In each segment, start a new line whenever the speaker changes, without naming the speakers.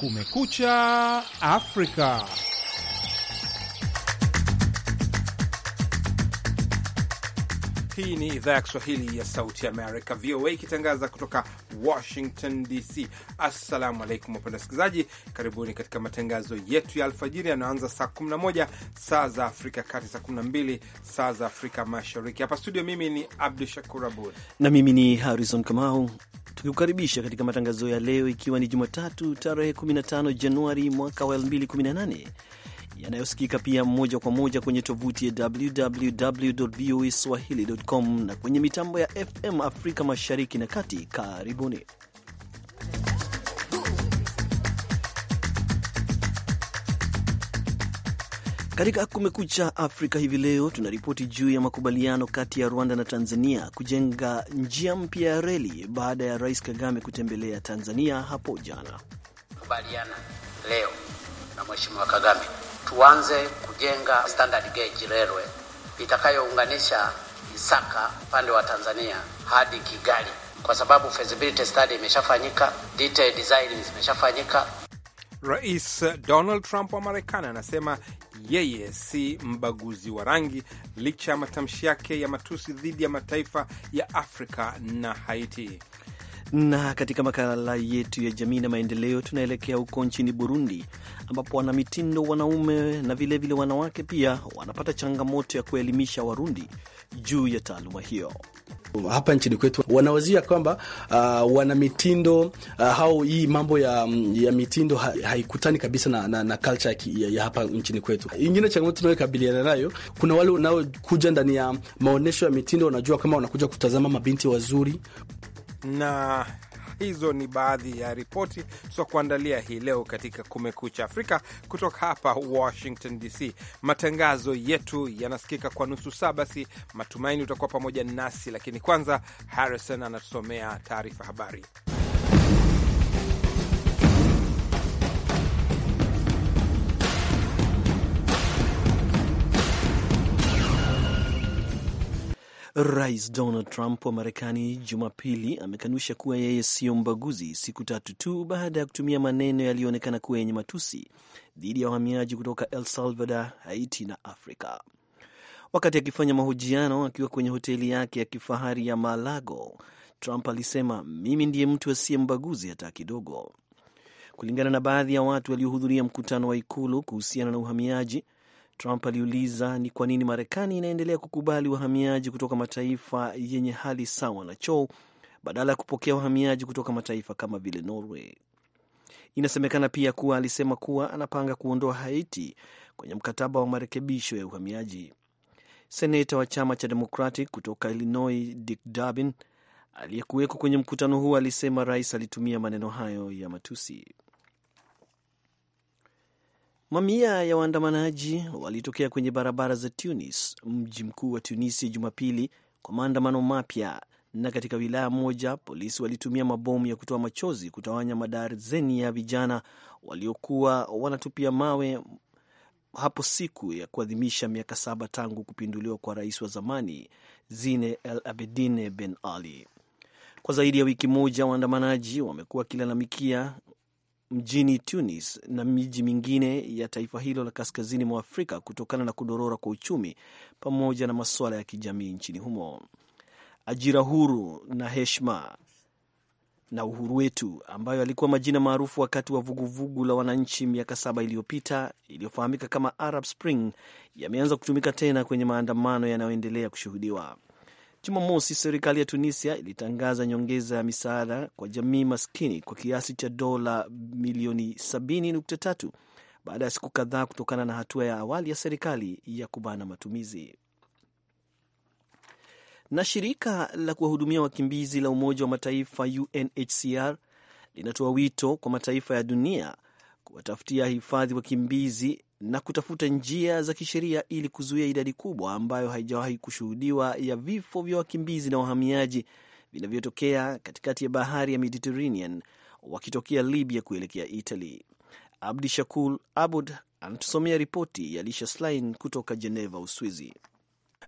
Kumekucha Afrika. Hii ni idhaa ya Kiswahili ya Sauti Amerika, VOA, ikitangaza kutoka Washington DC. Assalamu alaikum wapenda wasikilizaji, karibuni katika matangazo yetu ya alfajiri yanayoanza saa 11 saa za Afrika kati, saa 12 saa za Afrika Mashariki. Hapa studio, mimi ni Abdu Shakur Abud
na mimi ni Harrison Kamau tukikukaribisha katika matangazo ya leo, ikiwa ni Jumatatu tarehe 15 Januari mwaka wa 2018 yanayosikika pia moja kwa moja kwenye tovuti ya www voa swahili.com na kwenye mitambo ya FM Afrika mashariki na kati. Karibuni. Katika Kumekucha Afrika hivi leo tunaripoti juu ya makubaliano kati ya Rwanda na Tanzania kujenga njia mpya ya reli baada ya Rais Kagame kutembelea Tanzania hapo jana.
Kubaliana leo na Mheshimiwa Kagame tuanze kujenga standard gauge railway itakayounganisha Isaka upande wa Tanzania hadi Kigali, kwa sababu feasibility study imeshafanyika, detail design zimeshafanyika.
Rais Donald Trump wa Marekani anasema yeye si mbaguzi wa rangi, licha ya matamshi yake ya matusi dhidi ya mataifa ya Afrika na Haiti.
Na katika makala yetu ya jamii na maendeleo, tunaelekea huko nchini Burundi ambapo wanamitindo wanaume na vilevile vile wanawake pia wanapata changamoto ya
kuelimisha Warundi juu ya taaluma hiyo hapa nchini kwetu wanawazia kwamba uh, wana mitindo uh, au hii mambo ya, mm, ya mitindo ha, haikutani kabisa na, na, na culture ya, ya hapa nchini kwetu. Ingine changamoto tunayokabiliana nayo, kuna wale wanaokuja ndani ya maonyesho ya mitindo, wanajua kama wanakuja kutazama mabinti wazuri
na Hizo ni baadhi ya ripoti za kuandalia hii leo katika Kumekucha Afrika kutoka hapa Washington DC. Matangazo yetu yanasikika kwa nusu saa, basi matumaini utakuwa pamoja nasi, lakini kwanza Harrison anatusomea taarifa habari.
Rais Donald Trump wa Marekani Jumapili amekanusha kuwa yeye siyo mbaguzi, siku tatu tu baada ya kutumia maneno yaliyoonekana kuwa yenye matusi dhidi ya wahamiaji kutoka El Salvador, Haiti na Afrika. Wakati akifanya mahojiano akiwa kwenye hoteli yake ya kifahari ya Malago, Trump alisema, mimi ndiye mtu asiye mbaguzi hata kidogo. Kulingana na baadhi ya watu waliohudhuria mkutano wa ikulu kuhusiana na uhamiaji, Trump aliuliza ni kwa nini Marekani inaendelea kukubali wahamiaji kutoka mataifa yenye hali sawa na choo badala ya kupokea wahamiaji kutoka mataifa kama vile Norway. Inasemekana pia kuwa alisema kuwa anapanga kuondoa Haiti kwenye mkataba wa marekebisho ya uhamiaji. Seneta wa chama cha Democratic kutoka Illinois, Dick Durbin, aliyekuweko kwenye mkutano huo, alisema rais alitumia maneno hayo ya matusi. Mamia ya waandamanaji walitokea kwenye barabara za Tunis, mji mkuu wa Tunisia, Jumapili kwa maandamano mapya, na katika wilaya moja polisi walitumia mabomu ya kutoa machozi kutawanya madarzeni ya vijana waliokuwa wanatupia mawe hapo siku ya kuadhimisha miaka saba tangu kupinduliwa kwa rais wa zamani Zine El Abidine Ben Ali. Kwa zaidi ya wiki moja waandamanaji wamekuwa wakilalamikia mjini Tunis na miji mingine ya taifa hilo la kaskazini mwa Afrika kutokana na kudorora kwa uchumi pamoja na masuala ya kijamii nchini humo. Ajira huru na heshima na uhuru wetu, ambayo alikuwa majina maarufu wakati wa vuguvugu vugu la wananchi miaka saba iliyopita iliyofahamika kama Arab Spring, yameanza kutumika tena kwenye maandamano yanayoendelea kushuhudiwa. Jumamosi, serikali ya Tunisia ilitangaza nyongeza ya misaada kwa jamii maskini kwa kiasi cha dola milioni 70.3 baada ya siku kadhaa kutokana na hatua ya awali ya serikali ya kubana matumizi. Na shirika la kuwahudumia wakimbizi la Umoja wa Mataifa UNHCR linatoa wito kwa mataifa ya dunia kuwatafutia hifadhi wakimbizi na kutafuta njia za kisheria ili kuzuia idadi kubwa ambayo haijawahi kushuhudiwa ya vifo vya wakimbizi na wahamiaji vinavyotokea katikati ya bahari ya Mediterranean wakitokea Libya kuelekea Italy. Abdi Shakul Abud anatusomea ripoti ya Lisha Slain kutoka Geneva, Uswizi.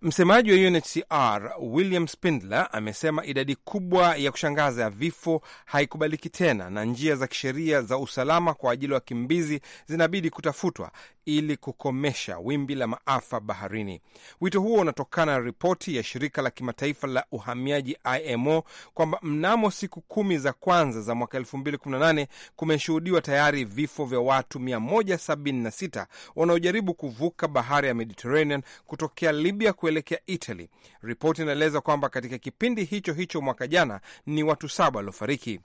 Msemaji wa UNHCR William Spindler amesema idadi kubwa ya kushangaza ya vifo haikubaliki tena na njia za kisheria za usalama kwa ajili ya wakimbizi zinabidi kutafutwa ili kukomesha wimbi la maafa baharini. Wito huo unatokana na ripoti ya shirika la kimataifa la uhamiaji IMO kwamba mnamo siku kumi za kwanza za mwaka 2018 kumeshuhudiwa tayari vifo vya watu 176 wanaojaribu kuvuka bahari ya Mediterranean kutokea Libya kuelekea Italy. Ripoti inaeleza kwamba katika kipindi hicho hicho mwaka jana ni watu saba waliofariki.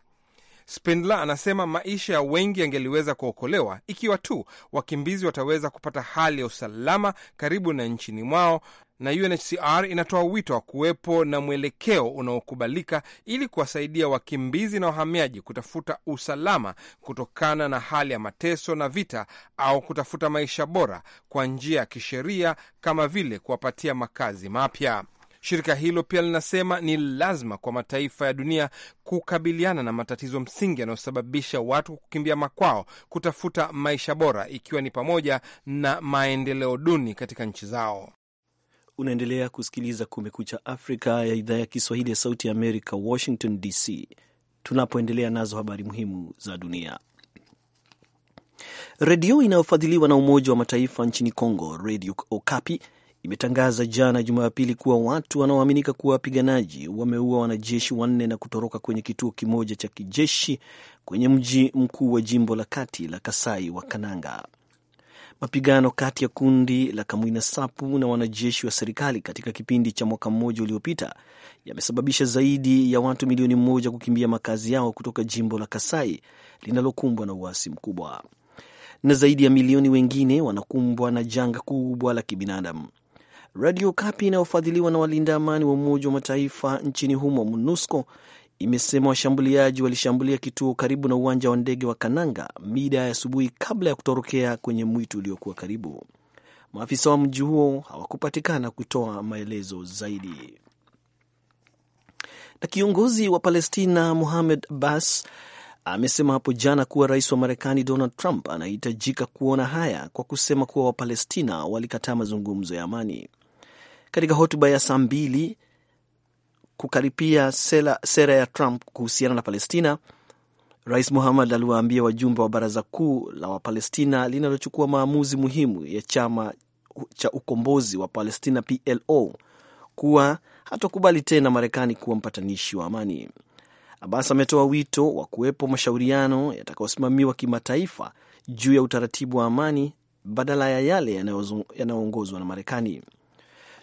Spindler anasema maisha ya wengi yangeliweza kuokolewa ikiwa tu wakimbizi wataweza kupata hali ya usalama karibu na nchini mwao, na UNHCR inatoa wito wa kuwepo na mwelekeo unaokubalika ili kuwasaidia wakimbizi na wahamiaji kutafuta usalama kutokana na hali ya mateso na vita, au kutafuta maisha bora kwa njia ya kisheria kama vile kuwapatia makazi mapya. Shirika hilo pia linasema ni lazima kwa mataifa ya dunia kukabiliana na matatizo msingi yanayosababisha watu kukimbia makwao kutafuta maisha bora, ikiwa ni pamoja na maendeleo duni katika nchi zao.
Unaendelea kusikiliza Kumekucha Afrika ya idhaa ya Kiswahili ya Sauti ya Amerika, Washington DC, tunapoendelea nazo habari muhimu za dunia. Redio inayofadhiliwa na Umoja wa Mataifa nchini Congo, Redio Okapi, imetangaza jana Jumapili kuwa watu wanaoaminika kuwa wapiganaji wameua wanajeshi wanne na kutoroka kwenye kituo kimoja cha kijeshi kwenye mji mkuu wa jimbo la kati la Kasai wa Kananga. Mapigano kati ya kundi la Kamwina Sapu na wanajeshi wa serikali katika kipindi cha mwaka mmoja uliopita yamesababisha zaidi ya watu milioni moja kukimbia makazi yao kutoka jimbo la Kasai linalokumbwa na uasi mkubwa, na zaidi ya milioni wengine wanakumbwa na janga kubwa la kibinadamu. Radio Kapi inayofadhiliwa na walinda amani wa Umoja wa Mataifa nchini humo MONUSCO imesema washambuliaji walishambulia kituo karibu na uwanja wa ndege wa Kananga mida ya asubuhi kabla ya kutorokea kwenye mwitu uliokuwa karibu. Maafisa wa mji huo hawakupatikana kutoa maelezo zaidi. Na kiongozi wa Palestina muhamed Abbas amesema hapo jana kuwa rais wa Marekani Donald Trump anahitajika kuona haya kwa kusema kuwa Wapalestina walikataa mazungumzo ya amani katika hotuba ya saa mbili kukaripia sera, sera ya Trump kuhusiana na Palestina. Rais Muhammad aliwaambia wajumbe wa baraza kuu la Wapalestina linalochukua maamuzi muhimu ya chama cha ukombozi wa Palestina PLO kuwa hatokubali tena Marekani kuwa mpatanishi wa amani. Abbas ametoa wito wa kuwepo mashauriano yatakayosimamiwa kimataifa juu ya utaratibu wa amani badala ya yale yanayoongozwa na Marekani.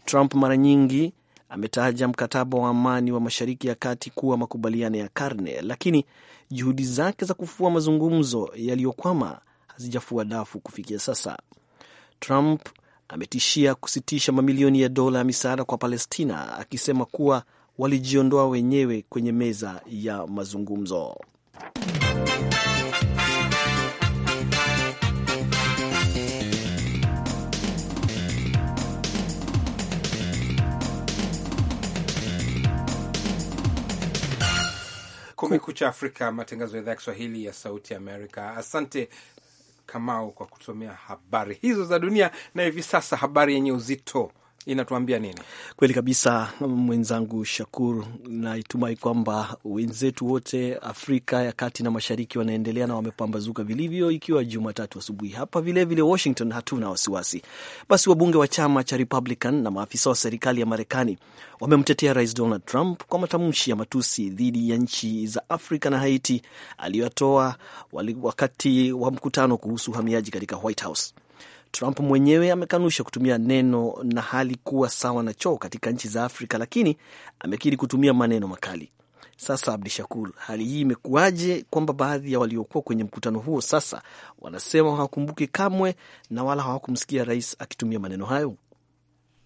Trump mara nyingi ametaja mkataba wa amani wa Mashariki ya Kati kuwa makubaliano ya karne, lakini juhudi zake za kufua mazungumzo yaliyokwama hazijafua dafu kufikia sasa. Trump ametishia kusitisha mamilioni ya dola ya misaada kwa Palestina, akisema kuwa walijiondoa wenyewe kwenye meza ya mazungumzo.
Kumekucha Afrika, matangazo ya idhaa ya Kiswahili ya Sauti Amerika. Asante Kamau kwa kutumia habari hizo za dunia, na hivi sasa habari yenye uzito inatuambia nini?
Kweli kabisa mwenzangu Shakur, naitumai kwamba wenzetu wote Afrika ya kati na mashariki wanaendelea na wamepambazuka vilivyo, ikiwa Jumatatu asubuhi hapa vilevile vile Washington hatuna wasiwasi. Basi wabunge wa chama cha Republican na maafisa wa serikali ya Marekani wamemtetea Rais Donald Trump kwa matamshi ya matusi dhidi ya nchi za Afrika na Haiti aliyotoa wakati wa mkutano kuhusu uhamiaji katika White House. Trump mwenyewe amekanusha kutumia neno na hali kuwa sawa na choo katika nchi za Afrika, lakini amekiri kutumia maneno makali. Sasa Abdi Shakur, hali hii imekuwaje kwamba baadhi ya waliokuwa kwenye mkutano huo sasa wanasema
hawakumbuki kamwe na wala hawakumsikia rais akitumia maneno hayo?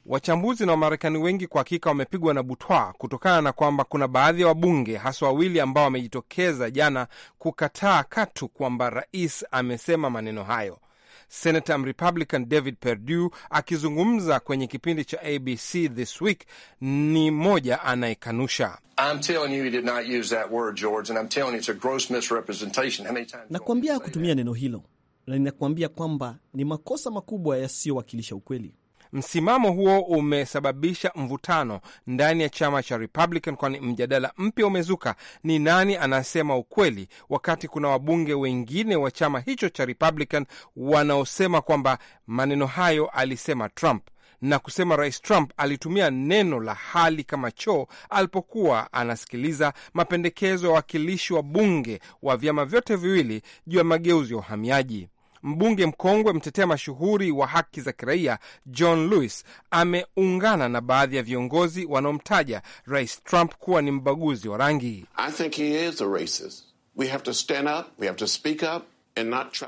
Wachambuzi na Wamarekani wengi kwa hakika wamepigwa na butwa kutokana na kwamba kuna baadhi ya wabunge haswa wawili ambao wamejitokeza jana kukataa katu kwamba rais amesema maneno hayo. Senator Republican David Perdue akizungumza kwenye kipindi cha ABC This Week ni mmoja anayekanusha. Nakuambia hakutumia neno hilo, na ninakuambia kwamba ni makosa makubwa yasiyowakilisha ukweli. Msimamo huo umesababisha mvutano ndani ya chama cha Republican, kwani mjadala mpya umezuka ni nani anasema ukweli, wakati kuna wabunge wengine wa chama hicho cha Republican wanaosema kwamba maneno hayo alisema Trump na kusema Rais Trump alitumia neno la hali kama choo alipokuwa anasikiliza mapendekezo ya wawakilishi wa bunge wa vyama vyote viwili juu ya mageuzi ya uhamiaji. Mbunge mkongwe mtetea mashuhuri wa haki za kiraia John Lewis ameungana na baadhi ya viongozi wanaomtaja Rais Trump kuwa ni mbaguzi wa rangi.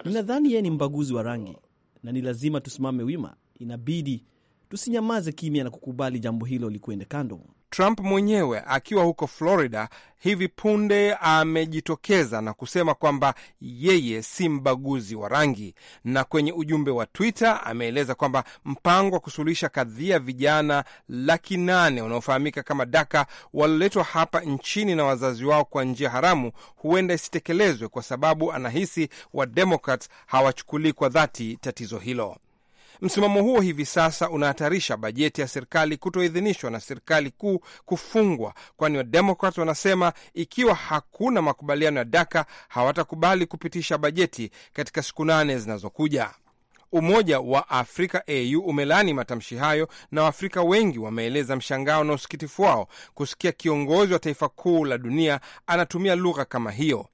Ninadhani yeye ni
mbaguzi wa rangi na ni lazima tusimame wima. Inabidi tusinyamaze kimya na
kukubali jambo hilo likuende kando. Trump mwenyewe akiwa huko Florida hivi punde amejitokeza na kusema kwamba yeye si mbaguzi wa rangi, na kwenye ujumbe wa Twitter ameeleza kwamba mpango wa kusuluhisha kadhia vijana laki nane wanaofahamika kama daka walioletwa hapa nchini na wazazi wao kwa njia haramu huenda isitekelezwe kwa sababu anahisi Wademokrat hawachukulii kwa dhati tatizo hilo. Msimamo huo hivi sasa unahatarisha bajeti ya serikali kutoidhinishwa na serikali kuu kufungwa, kwani Wademokrat wanasema ikiwa hakuna makubaliano ya Daka hawatakubali kupitisha bajeti katika siku nane zinazokuja. Umoja wa Afrika au umelaani matamshi hayo na Waafrika wengi wameeleza mshangao na usikitifu wao kusikia kiongozi wa taifa kuu la dunia anatumia lugha kama hiyo.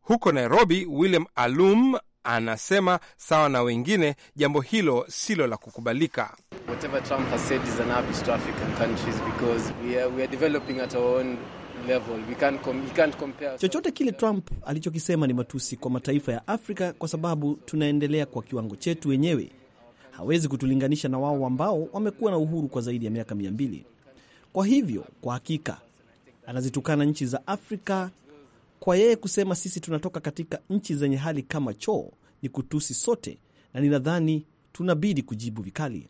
Huko Nairobi, William Alum anasema sawa na wengine, jambo hilo silo la kukubalika.
Chochote kile Trump alichokisema ni matusi kwa mataifa ya Afrika kwa sababu tunaendelea kwa kiwango chetu wenyewe. Hawezi kutulinganisha na wao ambao wamekuwa na uhuru kwa zaidi ya miaka mia mbili. Kwa hivyo, kwa hakika anazitukana nchi za Afrika kwa yeye kusema sisi tunatoka katika nchi zenye hali kama choo ni kutusi sote,
na ninadhani tunabidi kujibu vikali.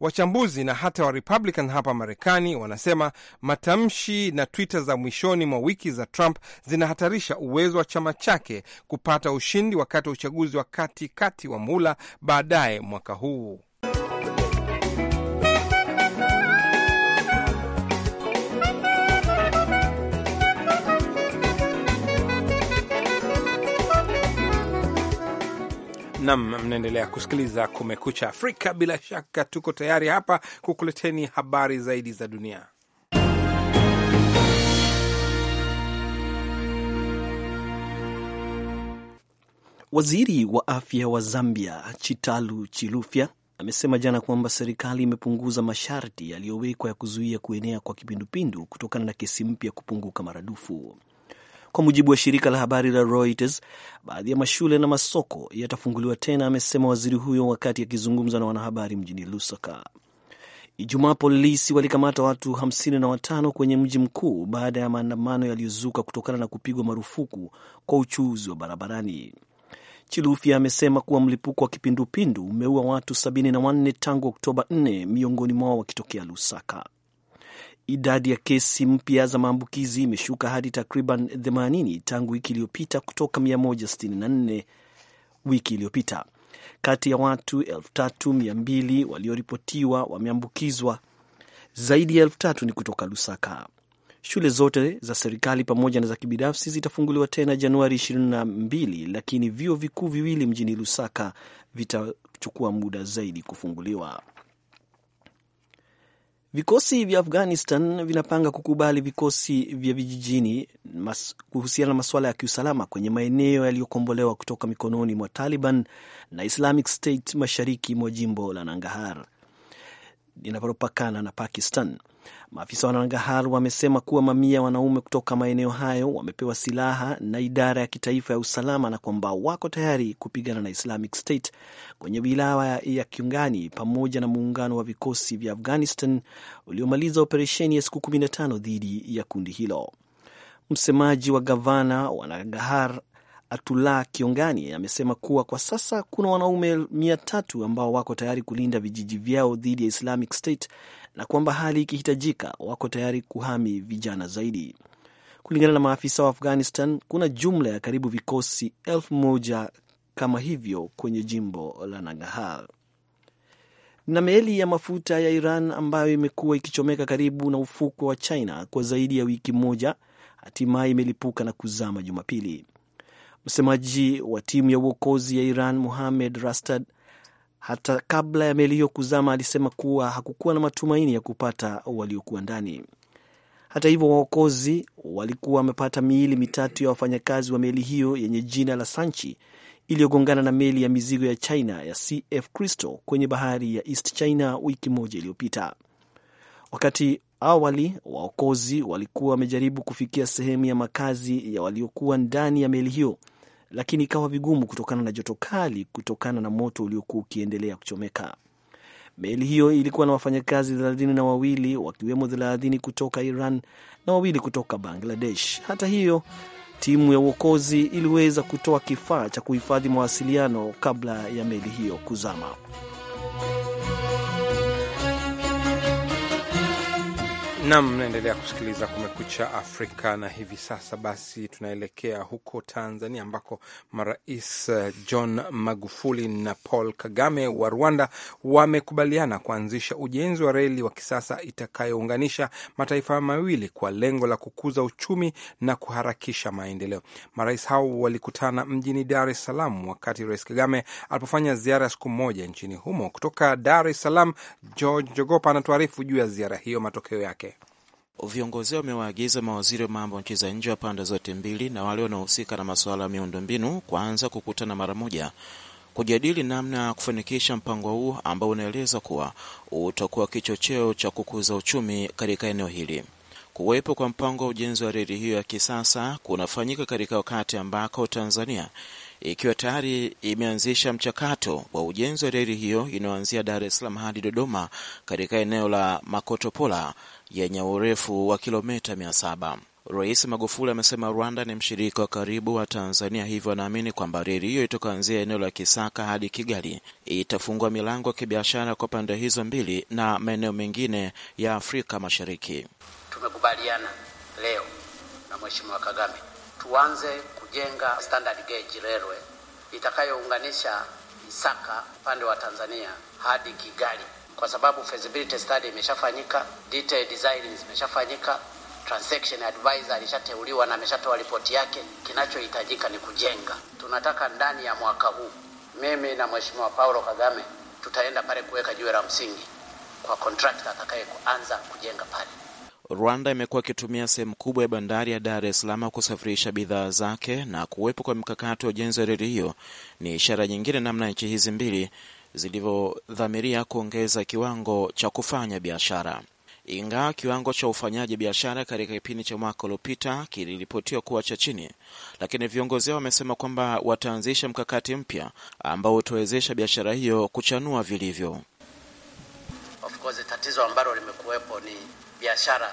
Wachambuzi na hata wa Republican hapa Marekani wanasema matamshi na Twitter za mwishoni mwa wiki za Trump zinahatarisha uwezo wa chama chake kupata ushindi wakati wa uchaguzi wa katikati wa muhula baadaye mwaka huu. Nam, mnaendelea kusikiliza Kumekucha Afrika. Bila shaka tuko tayari hapa kukuleteni habari zaidi za dunia.
Waziri wa afya wa Zambia Chitalu Chilufya amesema jana kwamba serikali imepunguza masharti yaliyowekwa ya kuzuia kuenea kwa kipindupindu kutokana na kesi mpya kupunguka maradufu. Kwa mujibu wa shirika la habari la Reuters, baadhi ya mashule na masoko yatafunguliwa tena, amesema waziri huyo wakati akizungumza na wanahabari mjini Lusaka. Ijumaa polisi walikamata watu hamsini na watano kwenye mji mkuu baada ya maandamano yaliyozuka kutokana na kupigwa marufuku kwa uchuuzi wa barabarani. Chilufi amesema kuwa mlipuko wa kipindupindu umeua watu 74 tangu Oktoba 4 miongoni mwao wakitokea Lusaka idadi ya kesi mpya za maambukizi imeshuka hadi takriban 80 tangu wiki iliyopita kutoka 164 wiki iliyopita. Kati ya watu 3200 walioripotiwa wameambukizwa, zaidi ya 3000 ni kutoka Lusaka. Shule zote za serikali pamoja na za kibinafsi zitafunguliwa tena Januari 22, lakini vyuo vikuu viwili mjini Lusaka vitachukua muda zaidi kufunguliwa. Vikosi vya Afghanistan vinapanga kukubali vikosi vya vijijini mas, kuhusiana na masuala ya kiusalama kwenye maeneo yaliyokombolewa kutoka mikononi mwa Taliban na Islamic State mashariki mwa jimbo la nangahar linalopakana na Pakistan. Maafisa wa Nangahar wamesema kuwa mamia ya wanaume kutoka maeneo hayo wamepewa silaha na idara ya kitaifa ya usalama na kwamba wako tayari kupigana na Islamic State kwenye wilaya ya Kiungani pamoja na muungano wa vikosi vya Afghanistan uliomaliza operesheni ya siku 15 dhidi ya kundi hilo. Msemaji wa gavana wa Nangahar Atula Kiongani amesema kuwa kwa sasa kuna wanaume mia tatu ambao wako tayari kulinda vijiji vyao dhidi ya Islamic State na kwamba hali ikihitajika, wako tayari kuhami vijana zaidi. Kulingana na maafisa wa Afghanistan, kuna jumla ya karibu vikosi elfu moja kama hivyo kwenye jimbo la Nangarhar. Na meli ya mafuta ya Iran ambayo imekuwa ikichomeka karibu na ufukwe wa China kwa zaidi ya wiki moja hatimaye imelipuka na kuzama Jumapili. Msemaji wa timu ya uokozi ya Iran Muhamed Rastad hata kabla ya meli hiyo kuzama, alisema kuwa hakukuwa na matumaini ya kupata waliokuwa ndani. Hata hivyo, waokozi walikuwa wamepata miili mitatu ya wafanyakazi wa meli hiyo yenye jina la Sanchi iliyogongana na meli ya mizigo ya China ya CF Crystal kwenye bahari ya East China wiki moja iliyopita. Wakati awali waokozi walikuwa wamejaribu kufikia sehemu ya makazi ya waliokuwa ndani ya meli hiyo, lakini ikawa vigumu kutokana na joto kali kutokana na moto uliokuwa ukiendelea kuchomeka. Meli hiyo ilikuwa na wafanyakazi thelathini na wawili wakiwemo thelathini kutoka Iran na wawili kutoka Bangladesh. Hata hiyo, timu ya uokozi iliweza kutoa kifaa cha kuhifadhi mawasiliano kabla ya meli
hiyo kuzama. Nam, naendelea kusikiliza Kumekucha Afrika na hivi sasa basi tunaelekea huko Tanzania ambako marais eh, John Magufuli na Paul Kagame wa Rwanda wamekubaliana kuanzisha ujenzi wa reli wa kisasa itakayounganisha mataifa mawili kwa lengo la kukuza uchumi na kuharakisha maendeleo. Marais hao walikutana mjini Dar es Salaam wakati Rais Kagame alipofanya ziara ya siku moja nchini humo. Kutoka Dar es Salaam, George Jogopa anatuarifu juu ya ziara
hiyo, matokeo yake. Viongozi wamewaagiza mawaziri wa mambo nchi za nje wa pande zote mbili na wale wanaohusika na masuala ya miundombinu kuanza kukutana mara moja kujadili namna ya kufanikisha mpango huo ambao unaeleza kuwa utakuwa kichocheo cha kukuza uchumi katika eneo hili. Kuwepo kwa mpango wa ujenzi wa reli hiyo ya kisasa kunafanyika katika wakati ambako Tanzania ikiwa tayari imeanzisha mchakato wa ujenzi wa reli hiyo inayoanzia Dar es Salaam hadi Dodoma katika eneo la Makotopola yenye urefu wa kilomita saba. Rais Magufuli amesema Rwanda ni mshirika wa karibu wa Tanzania, hivyo anaamini kwamba reli hiyo itokaanzia eneo la Kisaka hadi Kigali itafungua milango ya kibiashara kwa pande hizo mbili na maeneo mengine ya Afrika Mashariki.
Tumekubaliana leo na Mheshimiwa Kagame tuanze kujenga standard gauge railway itakayounganisha Isaka upande wa Tanzania hadi Kigali, kwa sababu feasibility study imeshafanyika, detailed design zimeshafanyika, transaction advisor alishateuliwa na ameshatoa ripoti yake. Kinachohitajika ni kujenga. Tunataka ndani ya mwaka huu, mimi na Mheshimiwa Paulo Kagame tutaenda pale kuweka jiwe la msingi kwa contractor atakayeanza kujenga pale.
Rwanda imekuwa ikitumia sehemu kubwa ya bandari ya Dar es Salaam kusafirisha bidhaa zake, na kuwepo kwa mkakati wa ujenzi wa reli hiyo ni ishara nyingine namna nchi hizi mbili zilivyodhamiria kuongeza kiwango cha kufanya biashara. Ingawa kiwango cha ufanyaji biashara katika kipindi cha mwaka uliopita kiliripotiwa kuwa cha chini, lakini viongozi hao wamesema kwamba wataanzisha mkakati mpya ambao utawezesha biashara hiyo kuchanua vilivyo.
Of course, tatizo ambalo limekuwepo ni biashara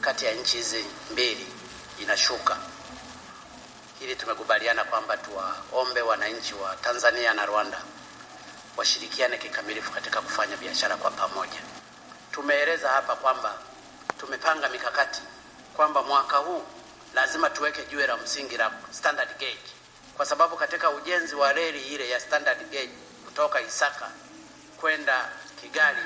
kati ya nchi hizi mbili inashuka. Hili tumekubaliana kwamba tuwaombe wananchi wa Tanzania na Rwanda washirikiane kikamilifu katika kufanya biashara kwa pamoja. Tumeeleza hapa kwamba tumepanga mikakati kwamba mwaka huu lazima tuweke jiwe la msingi la standard gauge, kwa sababu katika ujenzi wa reli ile ya standard gauge kutoka Isaka kwenda Kigali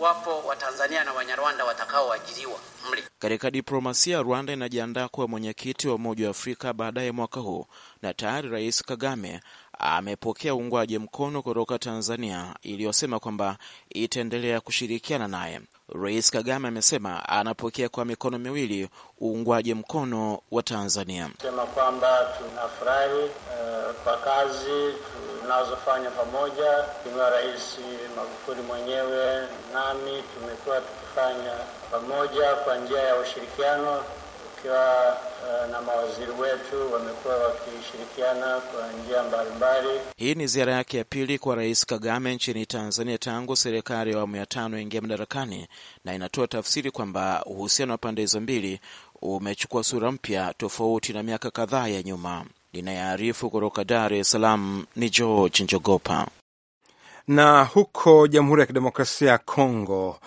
wapo Watanzania na Wanyarwanda watakaoajiriwa
mle. Katika diplomasia, Rwanda inajiandaa kuwa mwenyekiti wa Umoja wa Afrika baadaye mwaka huu, na tayari Rais Kagame amepokea uungwaji mkono kutoka Tanzania iliyosema kwamba itaendelea kushirikiana naye. Rais Kagame amesema anapokea kwa mikono miwili uungwaji mkono wa Tanzania,
sema kwamba tunafurahi uh, kwa kazi tunazofanya pamoja. Mheshimiwa Rais Magufuli mwenyewe nami tumekuwa tukifanya pamoja kwa njia ya ushirikiano tukiwa eh, na mawaziri wetu wamekuwa wakishirikiana kwa njia mbalimbali.
Hii ni ziara yake ya pili kwa Rais Kagame nchini Tanzania tangu serikali ya awamu ya tano ingia madarakani, na inatoa tafsiri kwamba uhusiano wa pande hizo mbili umechukua sura mpya tofauti na miaka kadhaa ya nyuma. Ninayaarifu kutoka Dar es Salaam ni George Njogopa.
Na huko Jamhuri ya Kidemokrasia ya Kongo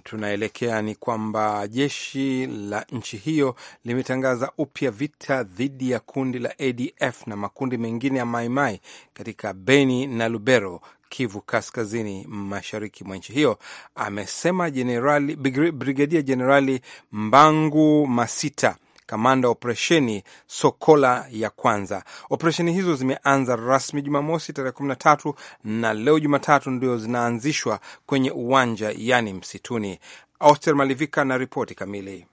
tunaelekea ni kwamba jeshi la nchi hiyo limetangaza upya vita dhidi ya kundi la ADF na makundi mengine ya Maimai katika Beni na Lubero, Kivu Kaskazini, mashariki mwa nchi hiyo, amesema Brigedia Jenerali Mbangu Masita kamanda wa operesheni Sokola ya kwanza. Operesheni hizo zimeanza rasmi Jumamosi tarehe kumi na tatu na leo Jumatatu ndio zinaanzishwa kwenye uwanja, yani msituni. Auster Malivika na ripoti kamili.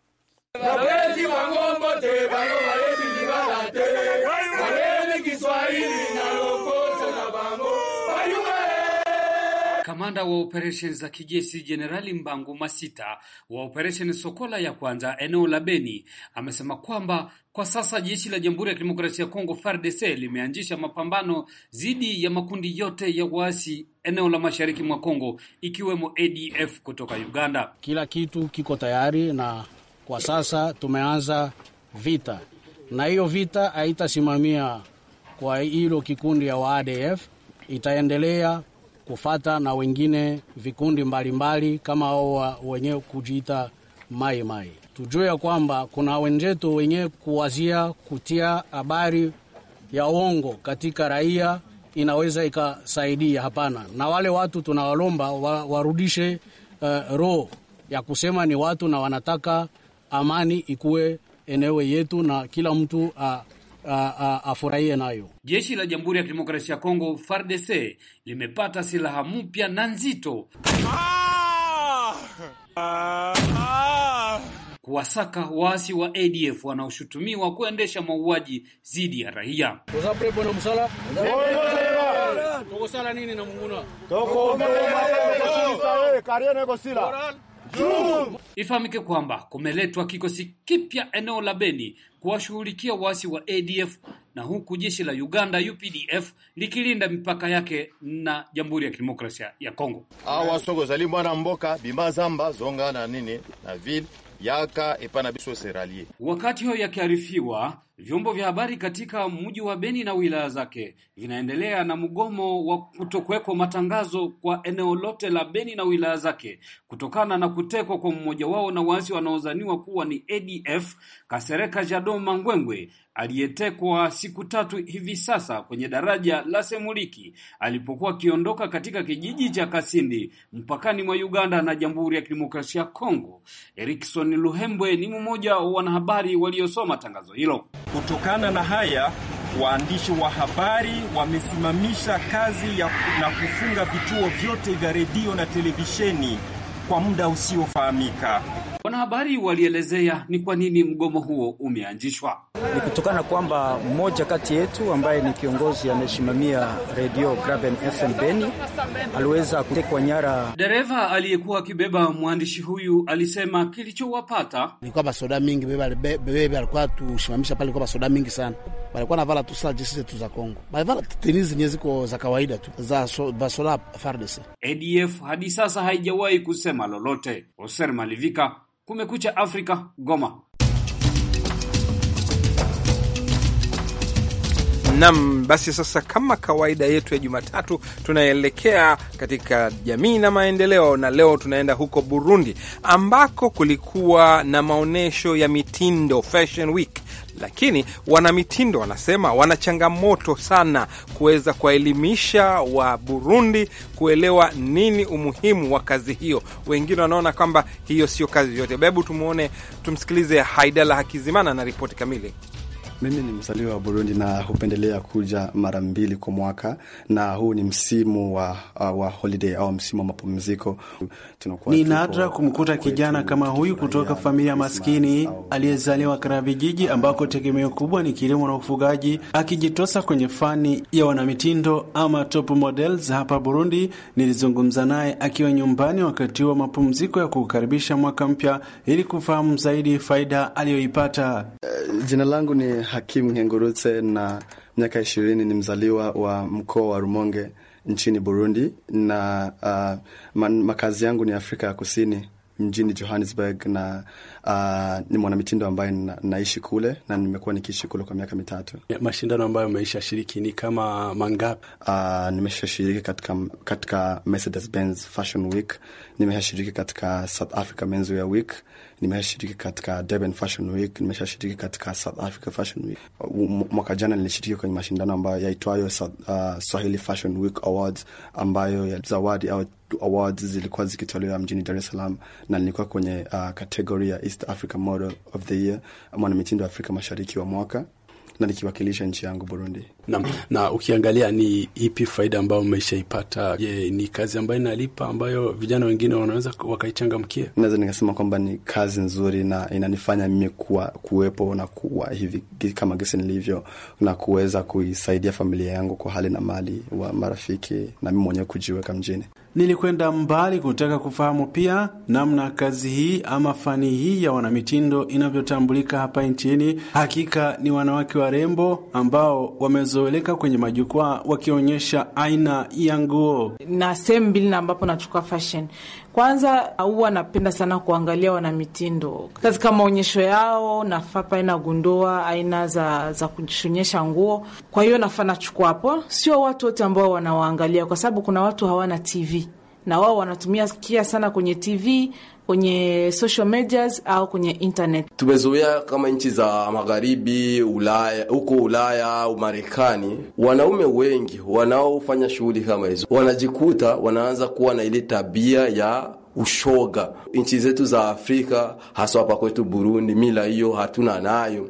kamanda wa operesheni za kijeshi Jenerali Mbangu Masita wa operesheni Sokola ya kwanza eneo la Beni amesema kwamba kwa sasa jeshi la Jamhuri ya Kidemokrasia ya Kongo FARDC limeanzisha mapambano dhidi ya makundi yote ya waasi eneo la mashariki mwa Kongo ikiwemo ADF kutoka Uganda. Kila
kitu kiko tayari na kwa sasa tumeanza vita, na hiyo vita haitasimamia kwa hilo kikundi ya wa ADF, itaendelea kufata na wengine vikundi mbalimbali mbali, kama ao wenyewe kujiita mai mai. Tujue ya kwamba kuna wenzetu wenye kuwazia kutia habari ya uongo katika raia inaweza ikasaidia. Hapana, na wale watu tunawalomba wa, warudishe uh, roho ya kusema ni watu na wanataka amani ikuwe eneo yetu na kila mtu
uh, afurahie nayo. Jeshi la Jamhuri ya Kidemokrasia ya Kongo FARDC limepata silaha mpya na nzito kuwasaka waasi wa ADF wanaoshutumiwa kuendesha mauaji dhidi ya raia. Ifahamike kwamba kumeletwa kikosi kipya eneo la Beni kuwashughulikia waasi wa ADF na huku jeshi la Uganda UPDF likilinda mipaka yake na Jamhuri ya Kidemokrasia ya Kongo. awasogozali mwana mboka bimazamba zonga na nini na vile yaka epana biso seralie. Wakati huo yakiarifiwa Vyombo vya habari katika mji wa Beni na wilaya zake vinaendelea na mgomo wa kutokuwekwa matangazo kwa eneo lote la Beni na wilaya zake kutokana na kutekwa kwa mmoja wao na waasi wanaozaniwa kuwa ni ADF, Kasereka Jado Mangwengwe aliyetekwa siku tatu hivi sasa kwenye daraja la Semuliki alipokuwa akiondoka katika kijiji cha Kasindi mpakani mwa Uganda na Jamhuri ya Kidemokrasia ya Kongo. Erikson Luhembwe ni mmoja wa wanahabari waliosoma tangazo hilo. Kutokana na haya, waandishi wa habari wamesimamisha kazi ya na kufunga vituo vyote vya redio na televisheni kwa muda usiofahamika. Wanahabari walielezea ni kwa nini mgomo huo umeanzishwa. Ni kutokana
kwamba mmoja kati yetu ambaye ni kiongozi anayesimamia redio Graben FM Beni
aliweza kutekwa nyara. Dereva aliyekuwa akibeba mwandishi huyu alisema kilichowapata ni kwamba soda mingi bebe alikuwa tusimamisha pale, kwamba soda
mingi
sana walikuwa navala tusaa jesi tu za Kongo, walivala teni nye ziko za kawaida tu za so, vasola fardese.
ADF hadi sasa haijawahi kusema lolote. Oser Malivika, Kumekucha Afrika, Goma.
Nam, basi sasa, kama kawaida yetu ya Jumatatu, tunaelekea katika jamii na maendeleo, na leo tunaenda huko Burundi ambako kulikuwa na maonyesho ya mitindo Fashion Week, lakini wanamitindo wanasema wana changamoto sana kuweza kuwaelimisha wa Burundi kuelewa nini umuhimu wa kazi hiyo. Wengine wanaona kwamba hiyo sio kazi yote. Hebu tumwone, tumsikilize Haidala Hakizimana na ripoti kamili.
Mimi ni mzaliwa wa Burundi na hupendelea kuja mara mbili kwa mwaka, na huu ni msimu wa, uh, wa holiday au msimu wa mapumziko. Ni nadra
kumkuta kijana kama huyu kutoka familia maskini aliyezaliwa katika vijiji ambako tegemeo kubwa ni kilimo na ufugaji, akijitosa kwenye fani ya wanamitindo ama top models hapa Burundi. Nilizungumza naye akiwa nyumbani wakati wa mapumziko ya kukaribisha mwaka
mpya ili kufahamu zaidi faida aliyoipata. Uh, jina langu ni hakim ngengurutse na miaka ishirini, ni mzaliwa wa mkoa wa Rumonge nchini Burundi na uh, makazi yangu ni Afrika ya Kusini mjini Johannesburg na uh, ni mwanamitindo ambaye na, naishi kule na nimekuwa nikiishi kule kwa miaka mitatu. Yeah, Mashindano ambayo umeisha shiriki ni kama mangapi? Uh, nimesha shiriki katika, katika Mercedes Benz Fashion Week, nimesha shiriki katika South Africa Menswear Week, nimesha shiriki katika Durban Fashion Week, nimesha shiriki katika South Africa Fashion Week. Mwaka jana nilishiriki kwenye mashindano ambayo yaitwayo uh, Swahili Fashion Week Awards ambayo ya zawadi au Awards zilikuwa zikitolewa mjini Dar es Salaam na nilikuwa kwenye uh, kategori ya East Africa Model of the Year, mwanamitindo wa Afrika Mashariki wa mwaka na nikiwakilisha nchi yangu Burundi na, na ukiangalia ni ipi faida ambayo umeshaipata?
Je, ni kazi ambayo inalipa ambayo vijana wengine wanaweza wakaichangamkia?
Naweza nikasema kwamba ni kazi nzuri na inanifanya mimi kuwa kuwepo na kuwa hivi kama gesi nilivyo na kuweza kuisaidia familia yangu kwa hali na mali wa marafiki na mimi mwenyewe kujiweka mjini.
Nilikwenda mbali kutaka kufahamu pia
namna kazi hii
ama fani hii ya wanamitindo inavyotambulika hapa nchini. Hakika ni wanawake warembo ambao wamezo zinazoeleka kwenye majukwaa wakionyesha aina ya
nguo na sehemu mbili, na ambapo nachukua fashion kwanza, huwa napenda sana kuangalia wanamitindo katika maonyesho yao, nafaa pale nagundua aina za, za kushonyesha nguo. Kwa hiyo nafaa nachukua hapo, sio watu wote ambao wanawaangalia, kwa sababu kuna watu hawana TV na wao wanatumia kia sana kwenye TV kwenye social medias au kwenye internet.
Tumezoea kama nchi za magharibi, Ulaya, huko Ulaya, Umarekani, wanaume wengi wanaofanya shughuli kama hizo wanajikuta wanaanza kuwa na ile tabia ya ushoga. Nchi zetu za Afrika, haswa hapa kwetu Burundi, mila hiyo hatuna nayo.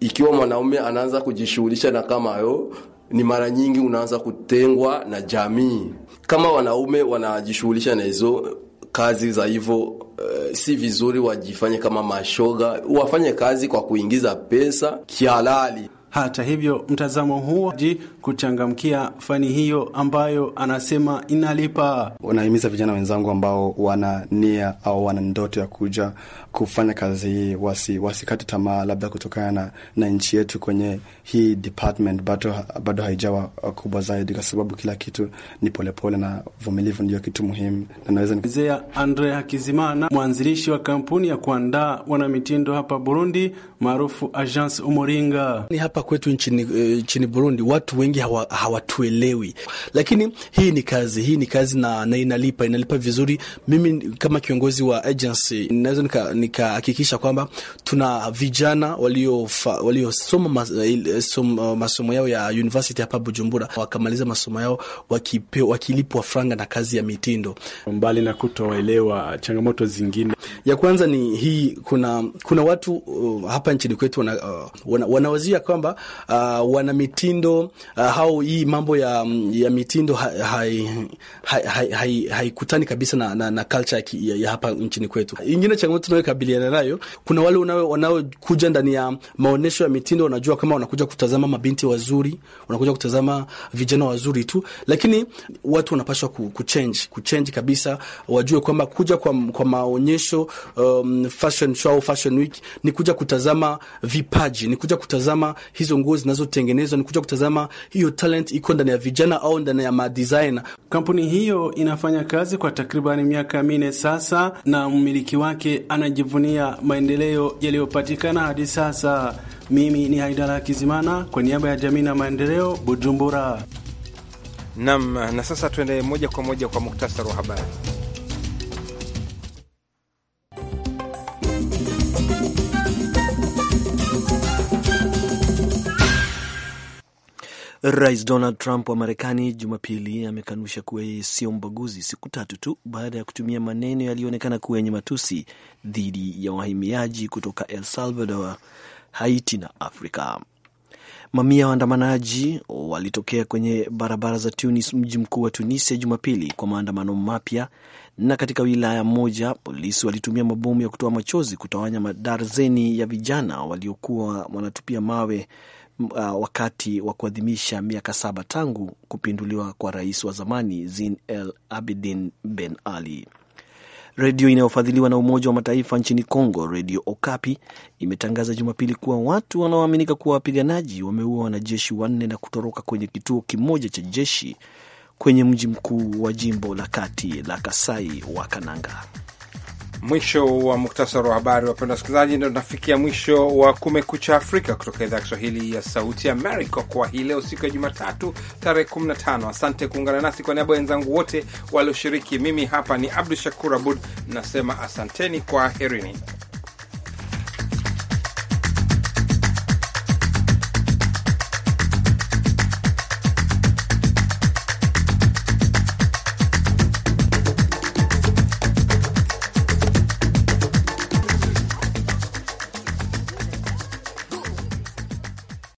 Ikiwa mwanaume anaanza kujishughulisha na kama yo ni mara nyingi unaanza kutengwa na jamii. Kama wanaume wanajishughulisha na hizo kazi za hivyo, uh, si vizuri wajifanye kama mashoga, wafanye kazi kwa kuingiza pesa kihalali.
Hata hivyo mtazamo huo ji kuchangamkia fani hiyo ambayo
anasema inalipa. Wanahimiza vijana wenzangu ambao wana nia au wana ndoto ya kuja kufanya kazi hii, wasi wasikate tamaa, labda kutokana na, na nchi yetu kwenye hii department bado, bado haijawa uh, kubwa zaidi, kwa sababu kila kitu ni polepole na vumilivu ndio kitu muhimu na naweza
Andre Hakizimana, mwanzilishi wa kampuni ya kuandaa wanamitindo hapa Burundi maarufu Agence Umuringa. Ni
hapa kwetu nchini, eh, nchini Burundi watu wengi hawatuelewi hawa, lakini hii ni kazi, hii ni kazi na, na inalipa inalipa vizuri. Mimi kama kiongozi wa agency naweza nikahakikisha kwamba tuna vijana waliosoma walio uh, masomo yao ya university hapa Bujumbura, wakamaliza masomo yao wakilipwa franga na kazi ya mitindo. Mbali na kutoelewa, changamoto zingine ya kwanza ni hii, kuna kuna watu uh, hapa nchini kwetu wana, uh, wana, wanawazia kwamba uh, wana mitindo uh, au hii mambo ya, mm, ya mitindo haikutani hai, hai, hai, hai kabisa na, na, na culture ya, ya hapa nchini kwetu. Ingine changamoto kukabiliana nayo. Kuna wale wanaokuja ndani ya maonyesho ya mitindo, wanajua kama wanakuja kutazama mabinti wazuri, wanakuja kutazama vijana wazuri tu, lakini watu wanapaswa kuchange, kuchange kabisa, wajue kwamba kuja kwa, kwa maonyesho um, fashion show au fashion week ni kuja kutazama vipaji, ni kuja kutazama hizo nguo zinazotengenezwa, ni kuja kutazama hiyo talent iko ndani ya vijana au ndani ya madesigner. Kampuni hiyo inafanya kazi kwa takribani miaka minne sasa na mmiliki wake
anaj kujivunia maendeleo yaliyopatikana hadi sasa. Mimi ni Haidara Kizimana kwa niaba ya jamii na maendeleo, Bujumbura.
Nam, na sasa tuende moja kwa moja kwa muktasari wa habari.
Rais Donald Trump wa Marekani Jumapili amekanusha kuwa yeye sio mbaguzi, siku tatu tu baada ya kutumia maneno yaliyoonekana kuwa yenye matusi dhidi ya wahamiaji kutoka El Salvador, Haiti na Afrika. Mamia waandamanaji walitokea kwenye barabara za Tunis, mji mkuu wa Tunisia, Jumapili kwa maandamano mapya, na katika wilaya moja polisi walitumia mabomu ya kutoa machozi kutawanya madarzeni ya vijana waliokuwa wanatupia mawe uh, wakati wa kuadhimisha miaka saba tangu kupinduliwa kwa rais wa zamani Zin El abidin Ben Ali. Redio inayofadhiliwa na Umoja wa Mataifa nchini congo Redio Okapi, imetangaza Jumapili kuwa watu wanaoaminika kuwa wapiganaji wameua wanajeshi wanne na kutoroka kwenye kituo kimoja cha jeshi kwenye mji mkuu wa jimbo la kati la Kasai wa Kananga.
Mwisho wa muktasari wa habari, wapenda wasikilizaji, ndo tunafikia mwisho wa Kumekucha Afrika kutoka idhaa ya Kiswahili ya Sauti Amerika kwa hii leo, siku ya Jumatatu tarehe 15. Asante kuungana nasi. Kwa niaba ya wenzangu wote walioshiriki, mimi hapa ni Abdu Shakur Abud nasema asanteni, kwa herini.